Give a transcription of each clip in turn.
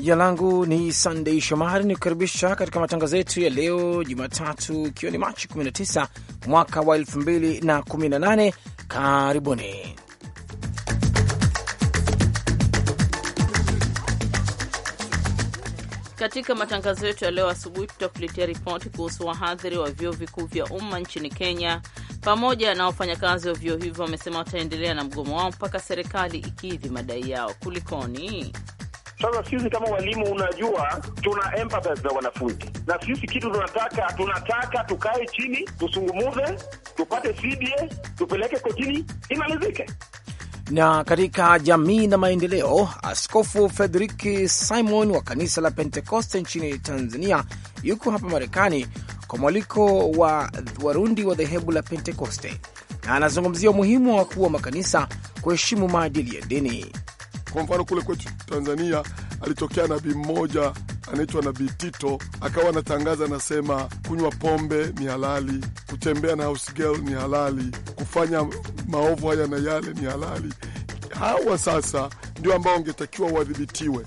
Jina langu ni Sandei Shomari, ni kukaribisha katika matangazo yetu ya leo Jumatatu, ikiwa ni Machi 19 mwaka wa 2018. Karibuni katika matangazo yetu ya leo asubuhi. Tutakuletea ripoti kuhusu wahadhiri wa vyuo vikuu vya umma nchini Kenya pamoja na wafanyakazi wa vyuo hivyo wamesema wataendelea na mgomo wao mpaka serikali ikidhi madai yao. Kulikoni? Sasa sisi kama walimu, unajua tuna empathize na wanafunzi, na sisi kitu tunataka tunataka tukae chini tusungumuze, tupate CDA, tupeleke kotini imalizike. Na katika jamii na maendeleo, Askofu Frederiki Simon wa kanisa la Pentekoste nchini Tanzania yuko hapa Marekani kwa mwaliko wa Warundi wa dhehebu la Pentekoste na anazungumzia umuhimu wa kuwa wa makanisa kuheshimu maadili ya dini. Kwa mfano kule kwetu Tanzania alitokea nabii mmoja anaitwa Nabii Tito, akawa anatangaza anasema, kunywa pombe ni halali, kutembea na house girl ni halali, kufanya maovu haya na yale ni halali. Hawa sasa ndio ambao wangetakiwa wadhibitiwe.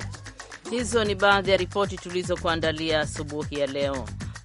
Hizo ni baadhi ya ripoti tulizokuandalia asubuhi ya leo.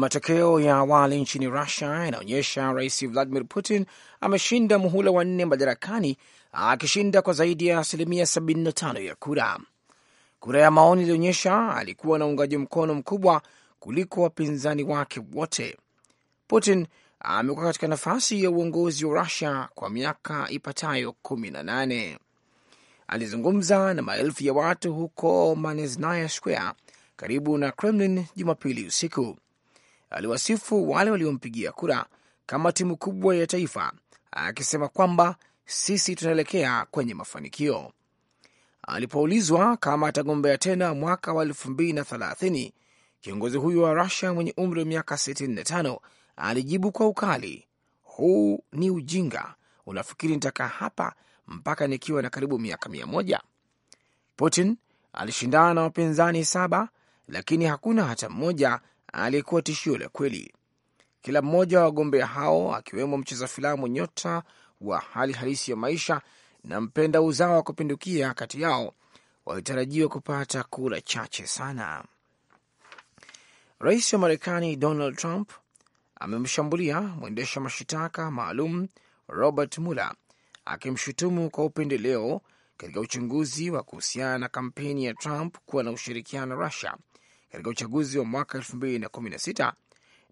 Matokeo ya awali nchini Rusia yanaonyesha rais Vladimir Putin ameshinda muhula wa nne madarakani, akishinda kwa zaidi ya asilimia 75 ya kura. Kura ya maoni ilionyesha alikuwa na uungaji mkono mkubwa kuliko wapinzani wake wote. Putin amekuwa katika nafasi ya uongozi wa Rusia kwa miaka ipatayo 18. Alizungumza na maelfu ya watu huko Manesnaya Square karibu na Kremlin Jumapili usiku aliwasifu wale waliompigia kura kama timu kubwa ya taifa, akisema kwamba sisi tunaelekea kwenye mafanikio. Alipoulizwa kama atagombea tena mwaka wa elfu mbili na thelathini, kiongozi huyo wa Rusia mwenye umri wa miaka 65 alijibu kwa ukali, huu ni ujinga. Unafikiri nitakaa hapa mpaka nikiwa na karibu miaka mia moja? Putin alishindana na wapinzani saba, lakini hakuna hata mmoja aliyekuwa tishio la kweli. Kila mmoja wa wagombea hao akiwemo mcheza filamu nyota wa hali halisi ya maisha na mpenda uzao wa kupindukia kati yao walitarajiwa kupata kura chache sana. Rais wa Marekani Donald Trump amemshambulia mwendesha mashitaka maalum Robert Mueller akimshutumu kwa upendeleo katika uchunguzi wa kuhusiana na kampeni ya Trump kuwa na ushirikiano rusia katika uchaguzi wa mwaka 2016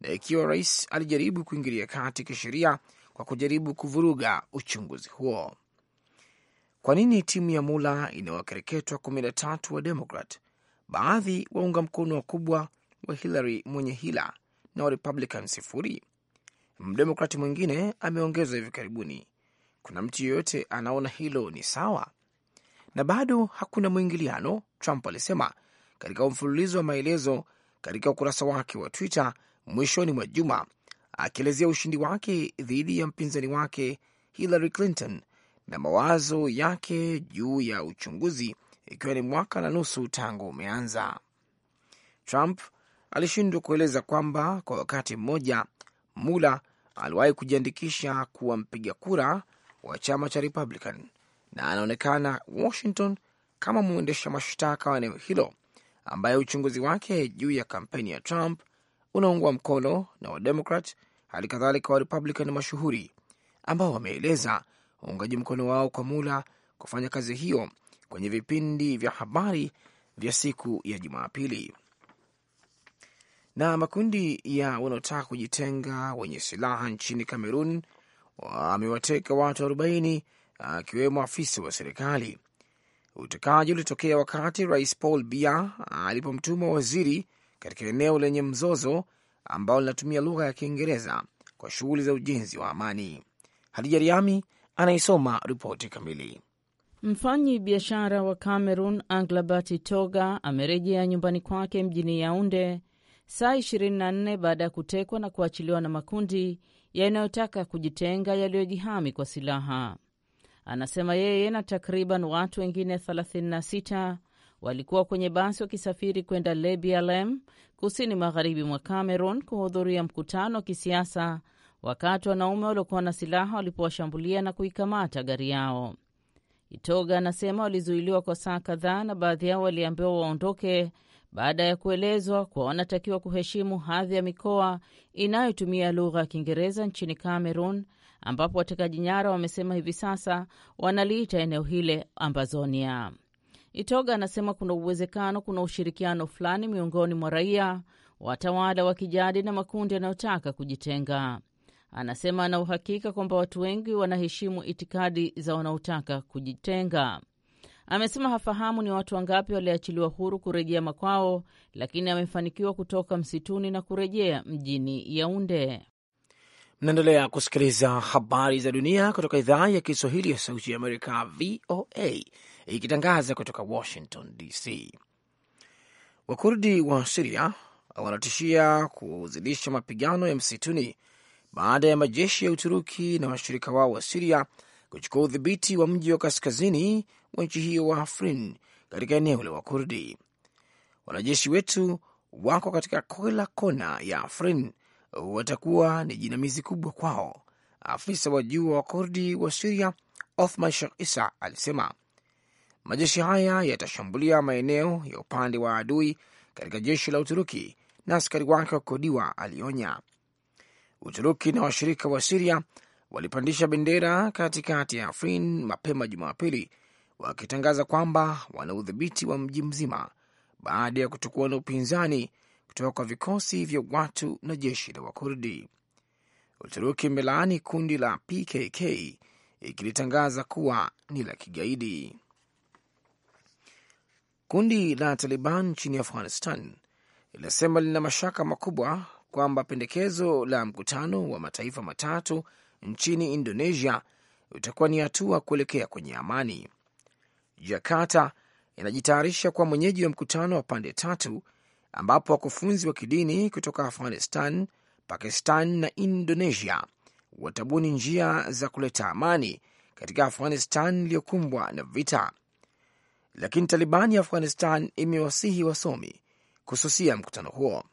na ikiwa rais alijaribu kuingilia kati kisheria kwa kujaribu kuvuruga uchunguzi huo. Kwa nini timu ya Mula inawakereketwa 13 wa Demokrat, baadhi waunga mkono wakubwa wa Hillary mwenye hila na wa Republican sifuri? Mdemokrati mwingine ameongezwa hivi karibuni. Kuna mtu yeyote anaona hilo ni sawa? Na bado hakuna mwingiliano, Trump alisema katika mfululizo wa maelezo katika ukurasa wake wa Twitter mwishoni mwa juma akielezea ushindi wake dhidi ya mpinzani wake Hillary Clinton na mawazo yake juu ya uchunguzi, ikiwa ni mwaka na nusu tangu umeanza. Trump alishindwa kueleza kwamba kwa wakati mmoja Mula aliwahi kujiandikisha kuwa mpiga kura wa chama cha Republican na anaonekana Washington kama mwendesha mashtaka wa eneo hilo ambaye uchunguzi wake juu ya kampeni ya Trump unaungwa mkono na Wademokrat, hali kadhalika Warepublican mashuhuri ambao wameeleza uungaji mkono wao kwa Mula kufanya kazi hiyo kwenye vipindi vya habari vya siku ya Jumapili. Na makundi ya wanaotaka kujitenga wenye silaha nchini Kamerun wamewateka watu 40 akiwemo afisa wa serikali Utekaji ulitokea wakati Rais Paul Biya alipomtuma waziri katika eneo lenye mzozo ambao linatumia lugha ya Kiingereza kwa shughuli za ujenzi wa amani. Hadija Riami anaisoma ripoti kamili. Mfanyi biashara wa Cameroon Anglabati Toga amerejea nyumbani kwake mjini Yaunde saa 24 baada ya kutekwa na kuachiliwa na makundi yanayotaka kujitenga yaliyojihami kwa silaha. Anasema yeye na takriban watu wengine 36 walikuwa kwenye basi wakisafiri kwenda Lebialem, kusini magharibi mwa Cameron, kuhudhuria mkutano wa kisiasa wakati wanaume waliokuwa na silaha walipowashambulia na kuikamata gari yao. Itoga anasema walizuiliwa kwa saa kadhaa na baadhi yao waliambiwa waondoke baada ya kuelezwa kuwa wanatakiwa kuheshimu hadhi ya mikoa inayotumia lugha ya Kiingereza nchini Cameroon ambapo watekaji nyara wamesema hivi sasa wanaliita eneo hile Ambazonia. Itoga anasema kuna uwezekano kuna ushirikiano fulani miongoni mwa raia, watawala wa kijadi na makundi yanayotaka kujitenga. Anasema ana uhakika kwamba watu wengi wanaheshimu itikadi za wanaotaka kujitenga. Amesema hafahamu ni watu wangapi waliachiliwa huru kurejea makwao, lakini amefanikiwa kutoka msituni na kurejea mjini Yaunde naendelea kusikiliza habari za dunia kutoka idhaa ya Kiswahili ya Sauti ya Amerika, VOA, ikitangaza kutoka Washington DC. Wakurdi wa Siria wanatishia kuzidisha mapigano ya msituni baada ya majeshi ya Uturuki na washirika wao wa Siria kuchukua udhibiti wa mji wa kaskazini wa nchi hiyo wa Afrin katika eneo la Wakurdi. Wanajeshi wetu wako katika kila kona ya Afrin watakuwa ni jinamizi kubwa kwao. Afisa wa juu wa wakurdi wa Siria Othman Sheikh Isa alisema majeshi haya yatashambulia maeneo ya upande wa adui katika jeshi la Uturuki na askari wake wa kukodiwa, alionya. Uturuki na washirika wa Siria walipandisha bendera katikati ya Afrin mapema Jumapili, wakitangaza kwamba wana udhibiti wa mji mzima baada ya kutokuwa na upinzani kutoka kwa vikosi vya watu na jeshi la Wakurdi. Uturuki imelaani kundi la PKK ikilitangaza kuwa ni la kigaidi. Kundi la Taliban nchini Afghanistan linasema lina mashaka makubwa kwamba pendekezo la mkutano wa mataifa matatu nchini Indonesia utakuwa ni hatua kuelekea kwenye amani. Jakarta inajitayarisha kwa mwenyeji wa mkutano wa pande tatu ambapo wakufunzi wa kidini kutoka Afghanistan, Pakistan na Indonesia watabuni njia za kuleta amani katika Afghanistan iliyokumbwa na vita. Lakini Taliban ya Afghanistan imewasihi wasomi kususia mkutano huo.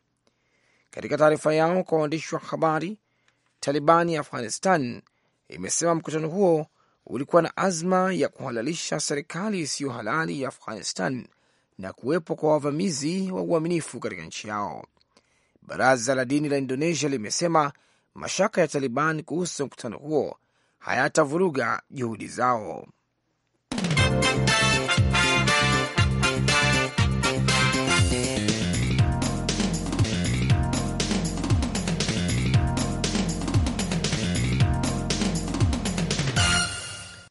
Katika taarifa yao kwa waandishi wa habari, Taliban ya Afghanistan imesema mkutano huo ulikuwa na azma ya kuhalalisha serikali isiyo halali ya Afghanistan na kuwepo kwa wavamizi wa uaminifu katika nchi yao. Baraza la dini la Indonesia limesema mashaka ya Taliban kuhusu mkutano huo hayatavuruga juhudi zao.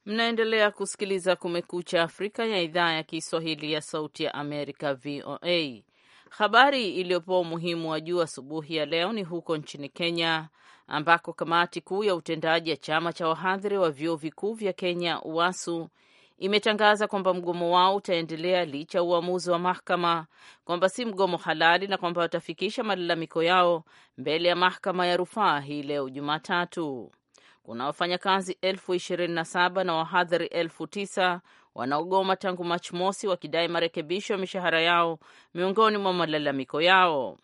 Mnaendelea kusikiliza Kumekucha Afrika ya idhaa ya Kiswahili ya Sauti ya Amerika, VOA. Habari iliyopewa umuhimu wa juu asubuhi ya leo ni huko nchini Kenya, ambako kamati kuu ya utendaji ya chama cha wahadhiri wa vyuo vikuu vya Kenya, uasu imetangaza kwamba mgomo wao utaendelea licha ya uamuzi wa mahakama kwamba si mgomo halali na kwamba watafikisha malalamiko yao mbele ya mahakama ya rufaa hii leo Jumatatu kuna wafanyakazi elfu ishirini na saba na wahadhiri elfu tisa wanaogoma tangu Machi mosi wakidai marekebisho ya mishahara yao miongoni mwa malalamiko yao.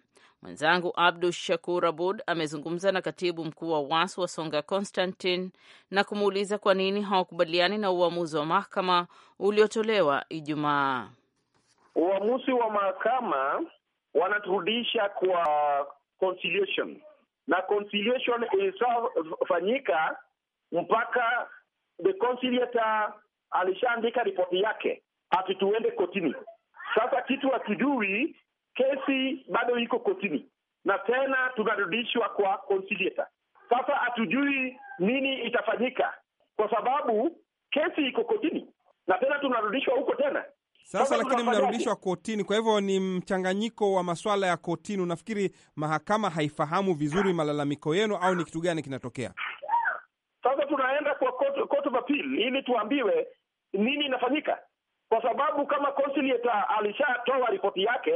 Mwenzangu Abdu Shakur Abud amezungumza na katibu mkuu wa wasu wa Songa Constantin na kumuuliza kwa nini hawakubaliani na uamuzi wa mahakama uliotolewa Ijumaa. Uamuzi wa mahakama wanaturudisha kwa conciliation na conciliation ilishafanyika mpaka the conciliator alishaandika ripoti yake ati tuende kotini. Sasa kitu hatujui, kesi bado iko kotini na tena tunarudishwa kwa conciliator. Sasa hatujui nini itafanyika, kwa sababu kesi iko kotini na tena tunarudishwa huko tena sasa lakini mnarudishwa kotini. Kwa hivyo ni mchanganyiko wa maswala ya kotini. Unafikiri mahakama haifahamu vizuri malalamiko yenu au ni kitu gani kinatokea? Sasa tunaenda kwa court of appeal ili tuambiwe nini inafanyika, kwa sababu kama conciliator alishatoa ripoti yake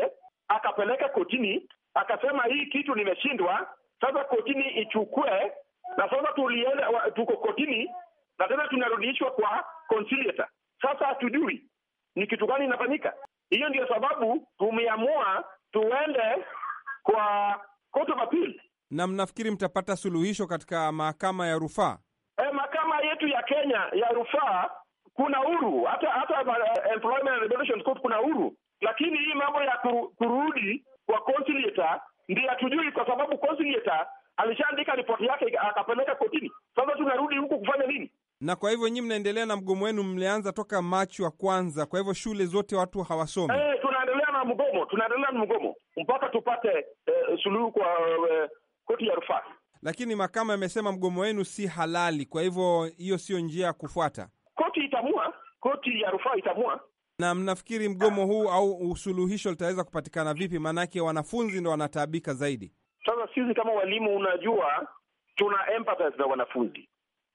akapeleka kotini, akasema hii kitu nimeshindwa, sasa kotini ichukue. Na sasa tulienda, tuko kotini na tena tunarudishwa kwa conciliator. Sasa hatujui ni kitu gani inafanyika. Hiyo ndiyo sababu tumeamua tuende kwa court of appeal. Na mnafikiri mtapata suluhisho katika mahakama ya rufaa? E, mahakama yetu ya Kenya ya rufaa kuna huru, hata hata eh, Employment Court kuna huru, lakini hii mambo ya kuru, kurudi kwa conciliator ndiyo hatujui, kwa sababu conciliator alishaandika ripoti yake akapeleka kotini. Sasa tunarudi huku kufanya nini? na kwa hivyo nyinyi mnaendelea na mgomo wenu, mlianza toka Machi wa kwanza, kwa hivyo shule zote watu hawasomi. Eh, tunaendelea na mgomo, tunaendelea na mgomo mpaka tupate eh, suluhu kwa eh, koti ya rufaa. Lakini mahakama yamesema mgomo wenu si halali, kwa hivyo hiyo sio njia ya kufuata. Koti itamua, koti ya rufaa itamua. Na mnafikiri mgomo huu au usuluhisho litaweza kupatikana vipi? Maanake wanafunzi ndo wanataabika zaidi. Sasa sisi kama walimu, unajua tuna empathize na wanafunzi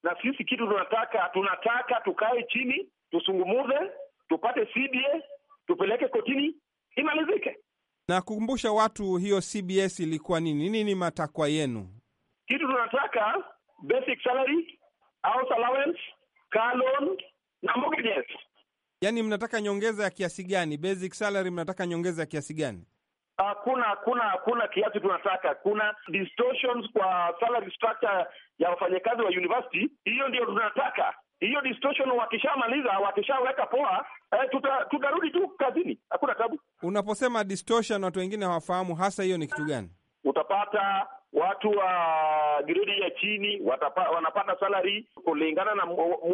na sisi kitu tunataka, tunataka tukae chini tusungumuze, tupate CBA tupeleke kotini imalizike. Na kukumbusha watu hiyo CBS ilikuwa nini? Nini matakwa yenu? Kitu tunataka basic salary, house allowance, car loan na mortgages. Yaani mnataka nyongeza ya kiasi gani? Basic salary mnataka nyongeza ya kiasi gani? Hakuna hakuna hakuna kiasi tunataka. Kuna distortions kwa salary structure ya wafanyakazi wa university. Hiyo ndio tunataka hiyo distortion. Wakishamaliza, wakishaweka poa, eh, tuta, tutarudi tu kazini, hakuna tabu. Unaposema distortion, watu wengine hawafahamu hasa hiyo ni kitu gani. Utapata watu wa gredi ya chini watapa, wanapata salary kulingana na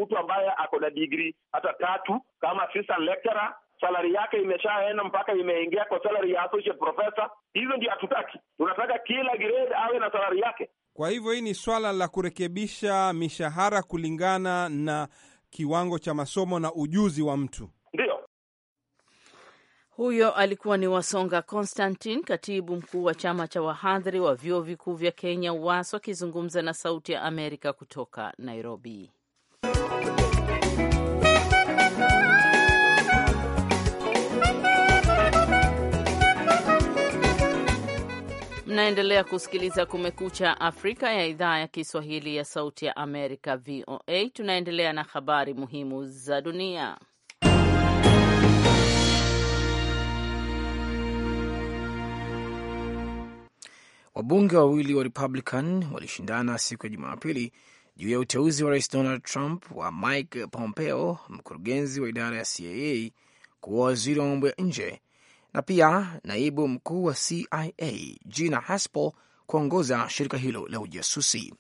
mtu ambaye ako na digri hata tatu kama assistant lecturer salari yake imeshaenda mpaka imeingia kwa salari ya associate professor. Hizo ndio hatutaki, tunataka kila grade awe na salari yake. Kwa hivyo hii ni swala la kurekebisha mishahara kulingana na kiwango cha masomo na ujuzi wa mtu. Huyo alikuwa ni Wasonga Constantin, katibu mkuu wa chama cha wahadhiri wa vyuo vikuu vya Kenya, waso akizungumza na Sauti ya Amerika kutoka Nairobi. Mnaendelea kusikiliza Kumekucha Afrika ya idhaa ya Kiswahili ya Sauti ya Amerika, VOA. Tunaendelea na habari muhimu za dunia. Wabunge wawili wa Republican walishindana siku ya Jumapili juu ya uteuzi wa rais Donald Trump wa Mike Pompeo, mkurugenzi wa idara ya CIA, kuwa waziri wa mambo ya nje na pia naibu mkuu wa CIA Gina Haspel kuongoza shirika hilo la ujasusi.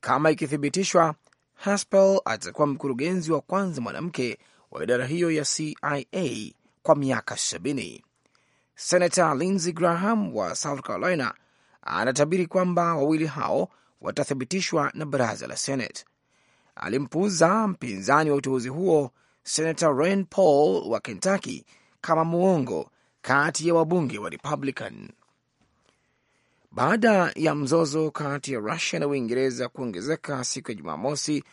Kama ikithibitishwa, Haspel atakuwa mkurugenzi wa kwanza mwanamke wa idara hiyo ya CIA kwa miaka 70. Senata Lindsey Graham wa South Carolina anatabiri kwamba wawili hao watathibitishwa na baraza la Senate. Alimpuuza mpinzani wa uteuzi huo Senator Rand Paul wa Kentucky kama muongo kati ya wabunge wa Republican. Baada ya mzozo kati ya Rusia na Uingereza kuongezeka siku ya Jumamosi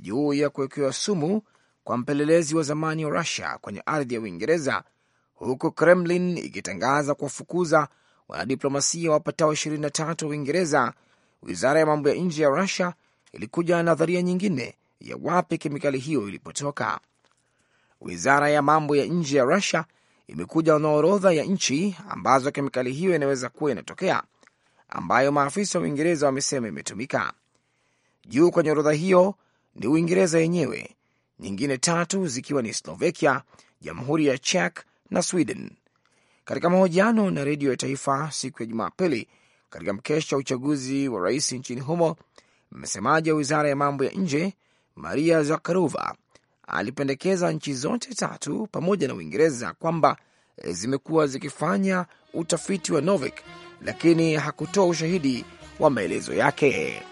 juu ya kuwekewa sumu kwa mpelelezi wa zamani wa Rusia kwenye ardhi ya Uingereza, huku Kremlin ikitangaza kuwafukuza wanadiplomasia wapatao 23 wa Uingereza, wizara ya mambo ya nje ya Rusia ilikuja na nadharia nyingine ya wapi kemikali hiyo ilipotoka. Wizara ya mambo ya nje ya Rusia imekuja na orodha ya nchi ambazo kemikali hiyo inaweza kuwa inatokea, ambayo maafisa wa Uingereza wamesema imetumika. Juu kwenye orodha hiyo ni Uingereza yenyewe, nyingine tatu zikiwa ni Slovakia, jamhuri ya Czech na Sweden. Katika mahojiano na redio ya taifa siku ya Jumapili katika mkesha wa uchaguzi wa rais nchini humo, msemaji wa wizara ya mambo ya nje Maria Zakharova alipendekeza nchi zote tatu pamoja na Uingereza kwamba eh, zimekuwa zikifanya utafiti wa Novik, lakini hakutoa ushahidi wa maelezo yake.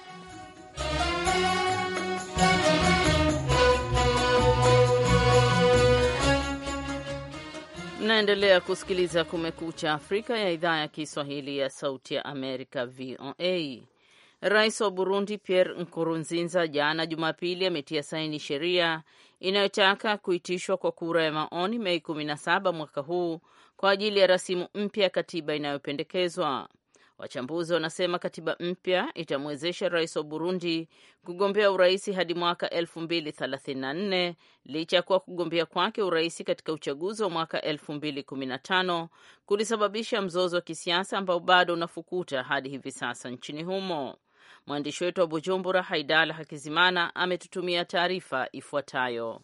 Mnaendelea kusikiliza Kumekucha Afrika ya idhaa ya Kiswahili ya Sauti ya Amerika, VOA. Rais wa Burundi Pierre Nkurunziza jana Jumapili ametia saini sheria inayotaka kuitishwa kwa kura ya maoni Mei 17 mwaka huu kwa ajili ya rasimu mpya ya katiba inayopendekezwa. Wachambuzi wanasema katiba mpya itamwezesha rais wa Burundi kugombea urais hadi mwaka 2034 licha ya kuwa kugombea kwake urais katika uchaguzi wa mwaka 2015 kulisababisha mzozo wa kisiasa ambao bado unafukuta hadi hivi sasa nchini humo. Mwandishi wetu wa Bujumbura, Haidala Hakizimana, ametutumia taarifa ifuatayo.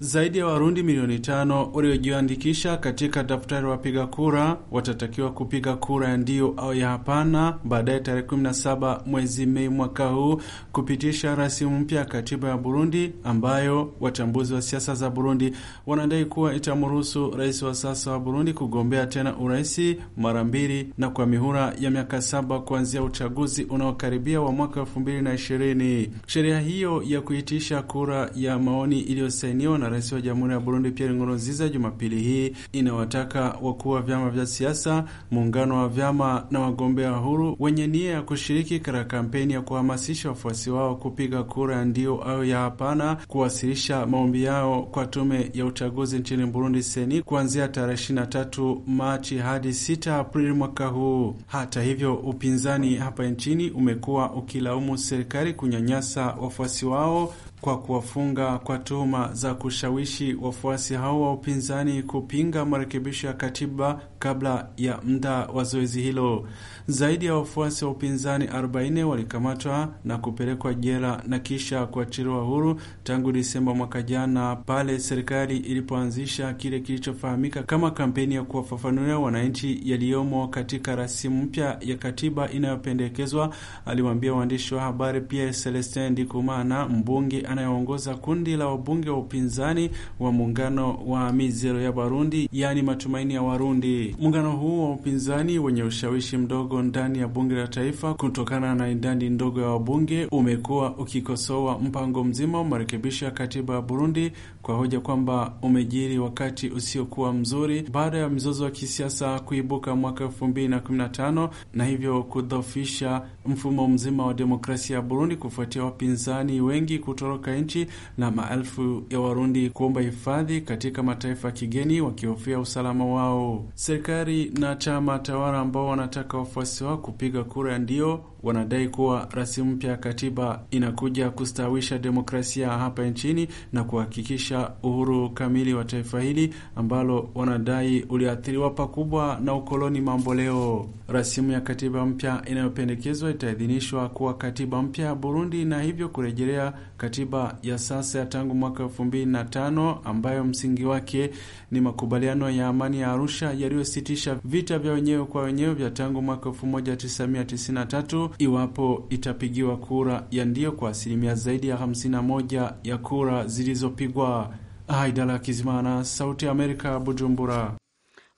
Zaidi ya Warundi milioni tano waliojiandikisha katika daftari wapiga kura watatakiwa kupiga kura ya ndio au ya hapana baadaye tarehe 17 mwezi Mei mwaka huu kupitisha rasimu mpya ya katiba ya Burundi ambayo wachambuzi wa siasa za Burundi wanadai kuwa itamruhusu rais wa sasa wa Burundi kugombea tena uraisi mara mbili na kwa mihura ya miaka saba kuanzia uchaguzi unaokaribia wa mwaka ishirini. Sheria hiyo ya kuitisha kura ya maoni iliyosainiwa na na rais wa jamhuri ya Burundi Pierre Nkurunziza Jumapili hii inawataka wakuu wa vyama vya siasa, muungano wa vyama na wagombea huru wenye nia ya kushiriki katika kampeni ya kuhamasisha wafuasi wao kupiga kura ya ndio au ya hapana kuwasilisha maombi yao kwa tume ya uchaguzi nchini Burundi seni kuanzia tarehe 23 Machi hadi 6 Aprili mwaka huu. Hata hivyo, upinzani hapa nchini umekuwa ukilaumu serikali kunyanyasa wafuasi wao kwa kuwafunga kwa tuhuma za kushawishi wafuasi hao wa upinzani kupinga marekebisho ya katiba kabla ya muda wa zoezi hilo. Zaidi ya wafuasi wa upinzani 40 walikamatwa na kupelekwa jela na kisha kuachiliwa huru tangu Disemba mwaka jana, pale serikali ilipoanzisha kile kilichofahamika kama kampeni ya kuwafafanulia wananchi yaliyomo katika rasimu mpya ya katiba inayopendekezwa, aliwaambia waandishi wa habari. Pia Celestin Dikumana, mbunge anayeongoza kundi la wabunge wa upinzani wa muungano wa Mizero ya Barundi, yaani matumaini ya Warundi. Muungano huu wa upinzani wenye ushawishi mdogo ndani ya bunge la taifa kutokana na idadi ndogo ya wabunge umekuwa ukikosoa mpango mzima wa marekebisho ya katiba ya Burundi kwa hoja kwamba umejiri wakati usiokuwa mzuri baada ya mzozo wa kisiasa kuibuka mwaka elfu mbili na kumi na tano na hivyo kudhoofisha mfumo mzima wa demokrasia ya Burundi kufuatia wapinzani wengi kutoroka nchi na maelfu ya Warundi kuomba hifadhi katika mataifa ya kigeni wakihofia usalama wao. Serikali na chama tawala ambao wanataka wafuasi wao kupiga kura ya ndio wanadai kuwa rasimu mpya ya katiba inakuja kustawisha demokrasia hapa nchini na kuhakikisha uhuru kamili wa taifa hili ambalo wanadai uliathiriwa pakubwa na ukoloni mamboleo. Rasimu ya katiba mpya inayopendekezwa itaidhinishwa kuwa katiba mpya ya Burundi na hivyo kurejelea katiba ya sasa ya tangu mwaka elfu mbili na tano ambayo msingi wake ni makubaliano ya amani ya Arusha yaliyositisha vita vya wenyewe kwa wenyewe vya tangu mwaka 1993 iwapo itapigiwa kura ya ndio kwa asilimia zaidi ya 51 ya kura zilizopigwa. Haidala Kizimana, Sauti ya Amerika, Bujumbura.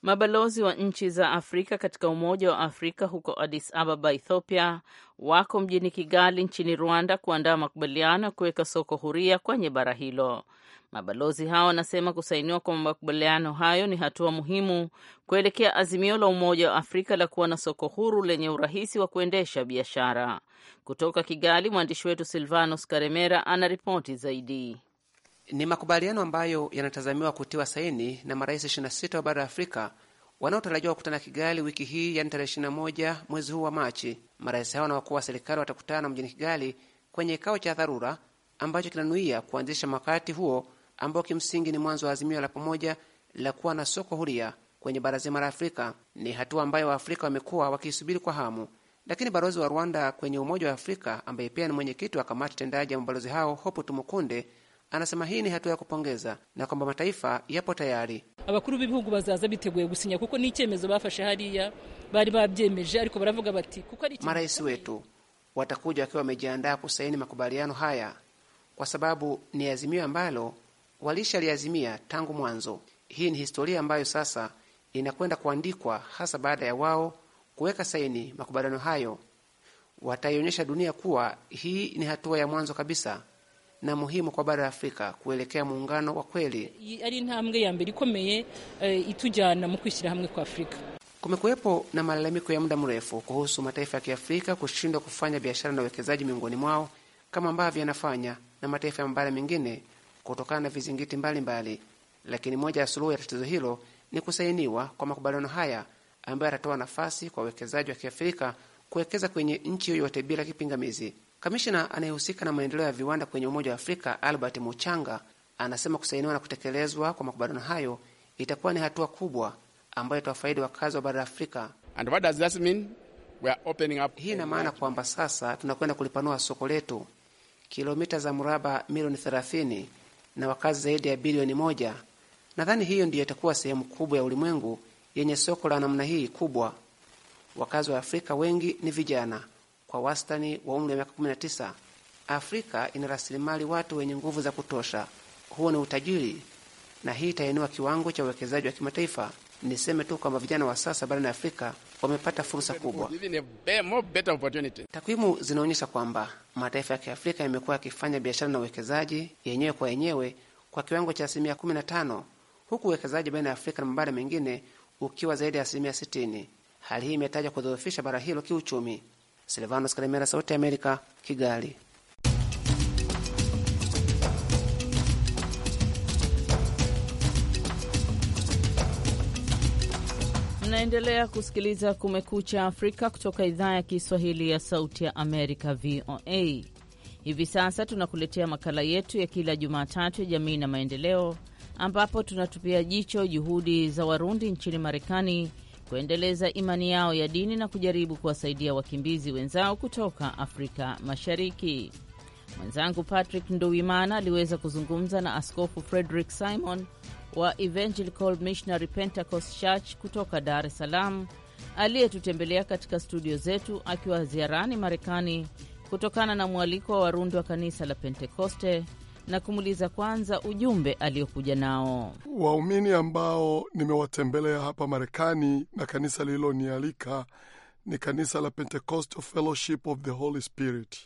Mabalozi wa nchi za Afrika katika Umoja wa Afrika huko Addis Ababa, Ethiopia, wako mjini Kigali nchini Rwanda kuandaa makubaliano ya kuweka soko huria kwenye bara hilo. Mabalozi hao wanasema kusainiwa kwa makubaliano hayo ni hatua muhimu kuelekea azimio la Umoja wa Afrika la kuwa na soko huru lenye urahisi wa kuendesha biashara. Kutoka Kigali, mwandishi wetu Silvanos Karemera ana ripoti zaidi. Ni makubaliano ambayo yanatazamiwa kutiwa saini na marais 26 wa bara la Afrika wanaotarajiwa kukutana Kigali wiki hii, yani tarehe 21 mwezi huu wa Machi. Marais hao na wakuu wa serikali watakutana mjini Kigali kwenye kikao cha dharura ambacho kinanuia kuanzisha wakati huo ambao kimsingi ni mwanzo wa azimio la pamoja la kuwa na soko huria kwenye bara zima la Afrika. Ni hatua ambayo Waafrika wamekuwa wakiisubiri kwa hamu. Lakini balozi wa Rwanda kwenye Umoja wa Afrika ambaye pia ni mwenyekiti wa kamati tendaji ya mabalozi hao Hope Tumukunde anasema hii ni hatua ya kupongeza na kwamba mataifa yapo tayari abakuru b'ibihugu bazaza biteguye gusinya kuko ni icyemezo bafashe hariya bari babyemeje ariko baravuga bati kuko ari marais wetu watakuja wakiwa wamejiandaa kusaini makubaliano haya kwa sababu ni azimio ambalo walishaliazimia tangu mwanzo. Hii ni historia ambayo sasa inakwenda kuandikwa, hasa baada ya wao kuweka saini makubaliano hayo. Wataionyesha dunia kuwa hii ni hatua ya mwanzo kabisa na muhimu kwa bara la Afrika kuelekea muungano wa kweli. ari intambwe ya mbere ikomeye eh, itujyana mu kwishyira hamwe kwa Afrika. Kumekuwepo na malalamiko ya muda mrefu kuhusu mataifa ya Kiafrika kushindwa kufanya biashara na uwekezaji miongoni mwao kama ambavyo yanafanya na mataifa ya mabara mengine kutokana na vizingiti mbalimbali mbali. Lakini moja ya suluhu ya tatizo hilo ni kusainiwa kwa makubaliano haya ambayo yatatoa nafasi kwa wawekezaji wa Kiafrika kuwekeza kwenye nchi yoyote bila kipingamizi. Kamishna anayehusika na maendeleo ya viwanda kwenye Umoja wa Afrika Albert Muchanga anasema kusainiwa na kutekelezwa kwa makubaliano hayo itakuwa ni hatua kubwa ambayo itawafaidi wakazi wa bara la Afrika. And what does mean? We are opening up... hii ina maana kwamba sasa tunakwenda kulipanua soko letu kilomita za mraba milioni 30 na wakazi zaidi ya bilioni moja. Nadhani hiyo ndiyo itakuwa sehemu kubwa ya ulimwengu yenye soko la namna hii kubwa. Wakazi wa Afrika wengi ni vijana kwa wastani wa umri wa miaka 19. Afrika ina rasilimali watu wenye nguvu za kutosha. Huo ni utajiri, na hii itainua kiwango cha uwekezaji wa kimataifa. Niseme tu kwamba vijana wa sasa barani Afrika wamepata fursa kubwa. Takwimu zinaonyesha kwamba mataifa ya kiafrika yamekuwa yakifanya biashara na uwekezaji yenyewe kwa yenyewe kwa kiwango cha asilimia 15 huku uwekezaji baina ya Afrika na mabara mengine ukiwa zaidi ya asilimia 60. Hali hii imetaja kudhoofisha bara hilo kiuchumi. Silvanos Karemera, Sauti ya Amerika, Kigali. Naendelea kusikiliza Kumekucha Afrika kutoka idhaa ya Kiswahili ya Sauti ya Amerika, VOA. Hivi sasa tunakuletea makala yetu ya kila Jumatatu ya Jamii na Maendeleo, ambapo tunatupia jicho juhudi za Warundi nchini Marekani kuendeleza imani yao ya dini na kujaribu kuwasaidia wakimbizi wenzao kutoka Afrika Mashariki. Mwenzangu Patrick Nduwimana aliweza kuzungumza na Askofu Frederick Simon wa Evangelical Missionary Pentecost Church kutoka Dar es Salaam aliyetutembelea katika studio zetu akiwa ziarani Marekani kutokana na mwaliko wa Warundi wa kanisa la Pentekoste na kumuuliza kwanza ujumbe aliokuja nao. Waumini ambao nimewatembelea hapa Marekani na kanisa lililonialika ni kanisa la Pentecostal Fellowship of the Holy Spirit,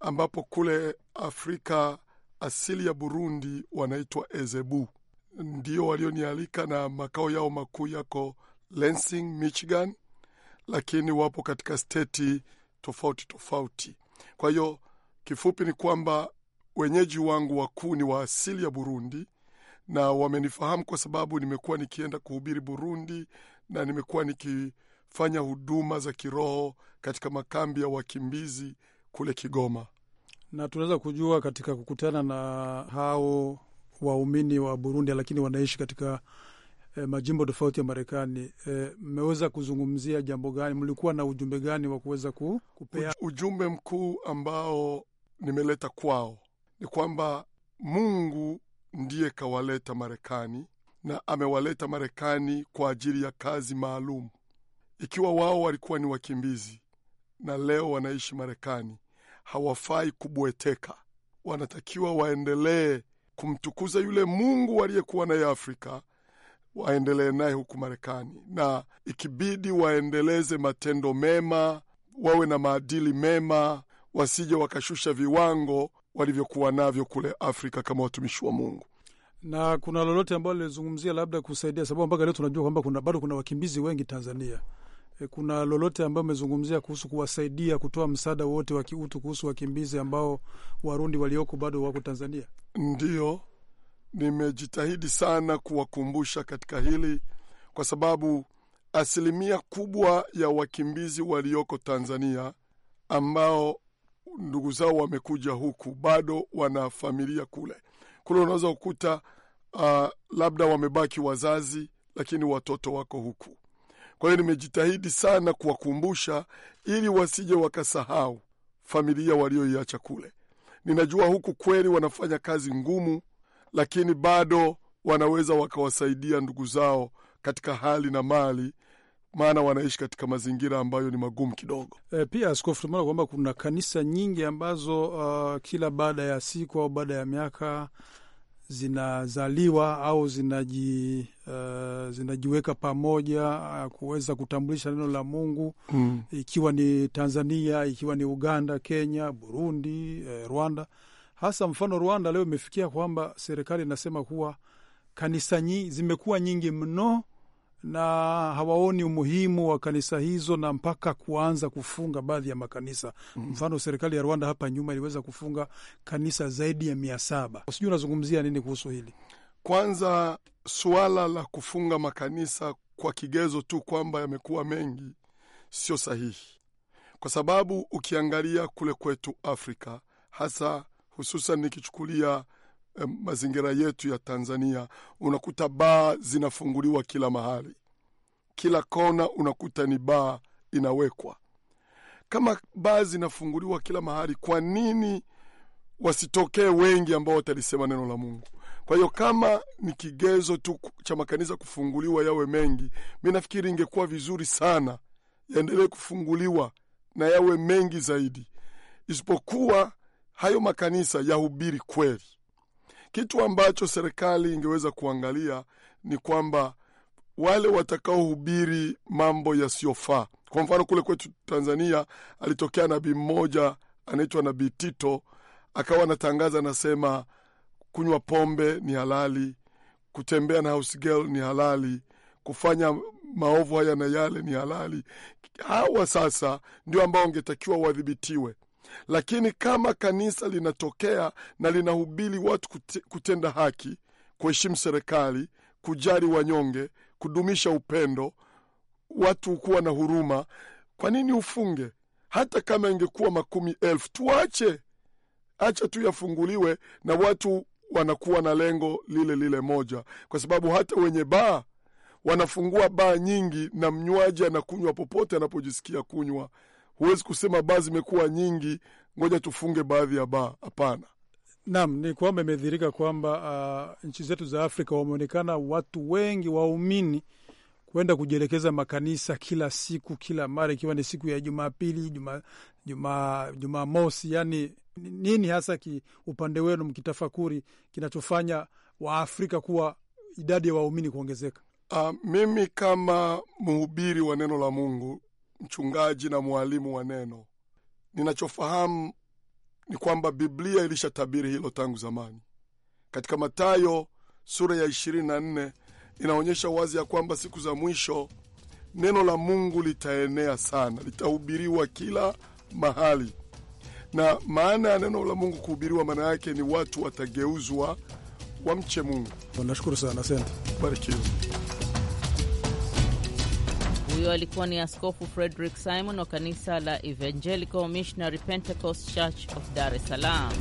ambapo kule Afrika asili ya Burundi wanaitwa Ezebu, ndio walionialika na makao yao makuu yako Lansing, Michigan, lakini wapo katika steti tofauti tofauti. Kwa hiyo kifupi ni kwamba Wenyeji wangu wakuu ni wa asili ya Burundi na wamenifahamu kwa sababu nimekuwa nikienda kuhubiri Burundi na nimekuwa nikifanya huduma za kiroho katika makambi ya wakimbizi kule Kigoma. Na tunaweza kujua katika kukutana na hao waumini wa Burundi, lakini wanaishi katika eh, majimbo tofauti ya Marekani, eh, mmeweza eh, kuzungumzia jambo gani? Mlikuwa na ujumbe gani wa kuweza kupea? Ujumbe mkuu ambao nimeleta kwao ni kwamba Mungu ndiye kawaleta Marekani na amewaleta Marekani kwa ajili ya kazi maalum. Ikiwa wao walikuwa ni wakimbizi na leo wanaishi Marekani, hawafai kubweteka, wanatakiwa waendelee kumtukuza yule Mungu aliyekuwa naye Afrika, waendelee naye huku Marekani, na ikibidi waendeleze matendo mema, wawe na maadili mema, wasije wakashusha viwango walivyokuwa navyo kule Afrika kama watumishi wa Mungu. Na kuna lolote ambalo lilizungumzia labda kusaidia, sababu mpaka leo tunajua kwamba kuna, bado kuna wakimbizi wengi Tanzania. E, kuna lolote ambayo mezungumzia kuhusu kuwasaidia kutoa msaada wote wa kiutu kuhusu wakimbizi ambao Warundi walioko bado wako Tanzania? Ndiyo, nimejitahidi sana kuwakumbusha katika hili kwa sababu asilimia kubwa ya wakimbizi walioko Tanzania ambao ndugu zao wamekuja huku, bado wana familia kule. Kule unaweza kukuta uh, labda wamebaki wazazi, lakini watoto wako huku. Kwa hiyo nimejitahidi sana kuwakumbusha ili wasije wakasahau familia walioiacha kule. Ninajua huku kweli wanafanya kazi ngumu, lakini bado wanaweza wakawasaidia ndugu zao katika hali na mali maana wanaishi katika mazingira ambayo ni magumu kidogo. E, pia Askofu, tumeona kwamba kuna kanisa nyingi ambazo uh, kila baada ya siku au baada ya miaka zinazaliwa au zinaji, uh, zinajiweka pamoja uh, kuweza kutambulisha neno la Mungu mm. Ikiwa ni Tanzania, ikiwa ni Uganda, Kenya, Burundi, eh, Rwanda. Hasa mfano Rwanda leo imefikia kwamba serikali inasema kuwa kanisa nyi zimekuwa nyingi mno na hawaoni umuhimu wa kanisa hizo na mpaka kuanza kufunga baadhi ya makanisa mm. Mfano, serikali ya Rwanda hapa nyuma iliweza kufunga kanisa zaidi ya mia saba. Sijui unazungumzia nini kuhusu hili? Kwanza, suala la kufunga makanisa kwa kigezo tu kwamba yamekuwa mengi sio sahihi, kwa sababu ukiangalia kule kwetu Afrika hasa hususan nikichukulia Eh, mazingira yetu ya Tanzania, unakuta baa zinafunguliwa kila mahali, kila kona unakuta ni baa inawekwa. Kama baa zinafunguliwa kila mahali, kwa nini wasitokee wengi ambao watalisema neno la Mungu? Kwa hiyo kama ni kigezo tu cha makanisa kufunguliwa yawe mengi, mi nafikiri ingekuwa vizuri sana yaendelee kufunguliwa na yawe mengi zaidi, isipokuwa hayo makanisa yahubiri kweli. Kitu ambacho serikali ingeweza kuangalia ni kwamba wale watakaohubiri mambo yasiyofaa. Kwa mfano kule kwetu Tanzania alitokea nabii mmoja anaitwa Nabii Tito, akawa anatangaza anasema, kunywa pombe ni halali, kutembea na house girl ni halali, kufanya maovu haya na yale ni halali. Hawa sasa ndio ambao wangetakiwa wadhibitiwe. Lakini kama kanisa linatokea na linahubiri watu kutenda haki, kuheshimu serikali, kujali wanyonge, kudumisha upendo, watu kuwa na huruma, kwa nini ufunge? Hata kama ingekuwa makumi elfu, tuache acha tu yafunguliwe, na watu wanakuwa na lengo lile lile moja, kwa sababu hata wenye baa wanafungua baa nyingi, na mnywaji anakunywa popote anapojisikia kunywa huwezi kusema baa zimekuwa nyingi, ngoja tufunge baadhi ya baa. Hapana. Naam, ni kwamba imedhirika kwamba uh, nchi zetu za Afrika wameonekana watu wengi waumini kwenda kujielekeza makanisa kila siku, kila mara, ikiwa ni siku ya Jumapili, Jumamosi, juma, juma yani nini hasa ki upande wenu mkitafakuri kinachofanya Waafrika kuwa idadi ya waumini kuongezeka? Uh, mimi kama mhubiri wa neno la Mungu mchungaji na mwalimu wa neno. Ninachofahamu ni kwamba Biblia ilishatabiri hilo tangu zamani. Katika Matayo sura ya 24 inaonyesha wazi ya kwamba siku za mwisho neno la Mungu litaenea sana, litahubiriwa kila mahali. Na maana ya neno la Mungu kuhubiriwa, maana yake ni watu watageuzwa wamche Mungu. Nashukuru sana, asante, barikiwa. Huyo alikuwa ni Askofu Frederick Simon wa kanisa la Evangelical Missionary Pentecost Church of Dar es Salaam.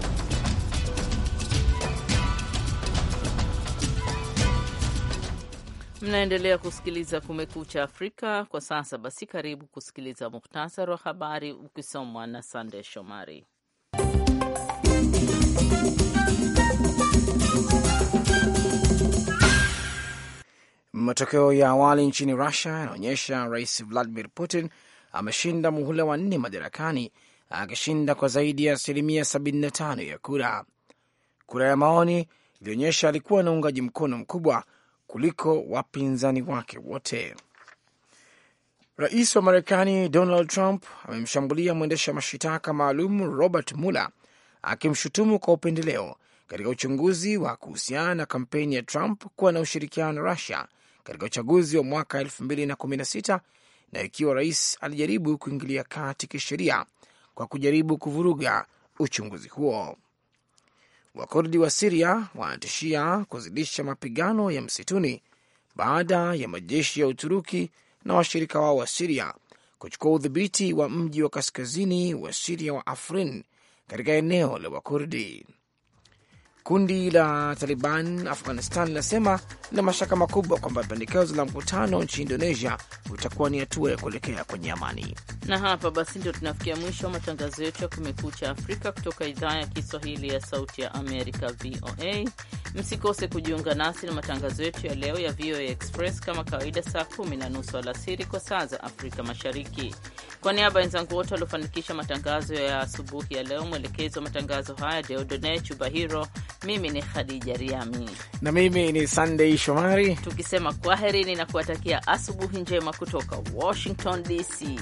Mnaendelea kusikiliza Kumekucha Afrika kwa sasa. Basi karibu kusikiliza muhtasari wa habari ukisomwa na Sande Shomari. Matokeo ya awali nchini Rusia yanaonyesha rais Vladimir Putin ameshinda muhula wa nne madarakani akishinda kwa zaidi ya asilimia 75 ya kura. Kura ya maoni ilionyesha alikuwa na uungaji mkono mkubwa kuliko wapinzani wake wote. Rais wa Marekani Donald Trump amemshambulia mwendesha mashitaka maalum Robert Mueller akimshutumu kwa upendeleo katika uchunguzi wa kuhusiana na kampeni ya Trump kuwa na ushirikiano na Rusia katika uchaguzi wa mwaka elfu na na ikiwa rais alijaribu kuingilia kati kisheria kwa kujaribu kuvuruga uchunguzi huo. Wakurdi wa Siria wanatishia kuzidisha mapigano ya msituni baada ya majeshi ya Uturuki na washirika wao wa Siria kuchukua udhibiti wa mji wa kaskazini wa Siria wa Afrin katika eneo la Wakurdi. Kundi la Taliban Afghanistan linasema lina mashaka makubwa kwamba pendekezo la mkutano nchi Indonesia utakuwa ni hatua ya kuelekea kwenye amani. Na hapa basi ndio tunafikia mwisho wa matangazo yetu ya Kumekucha Afrika kutoka idhaa ya Kiswahili ya Sauti ya Amerika, VOA. Msikose kujiunga nasi na matangazo yetu ya leo ya VOA Express kama kawaida, saa kumi na nusu alasiri kwa saa za Afrika Mashariki. Kwa niaba ya wenzangu wote waliofanikisha matangazo ya asubuhi ya leo, mwelekezi wa matangazo haya Deodone Chubahiro mimi ni Khadija Riami na mimi ni Sandei Shomari, tukisema kwaherini na kuwatakia asubuhi njema kutoka Washington DC.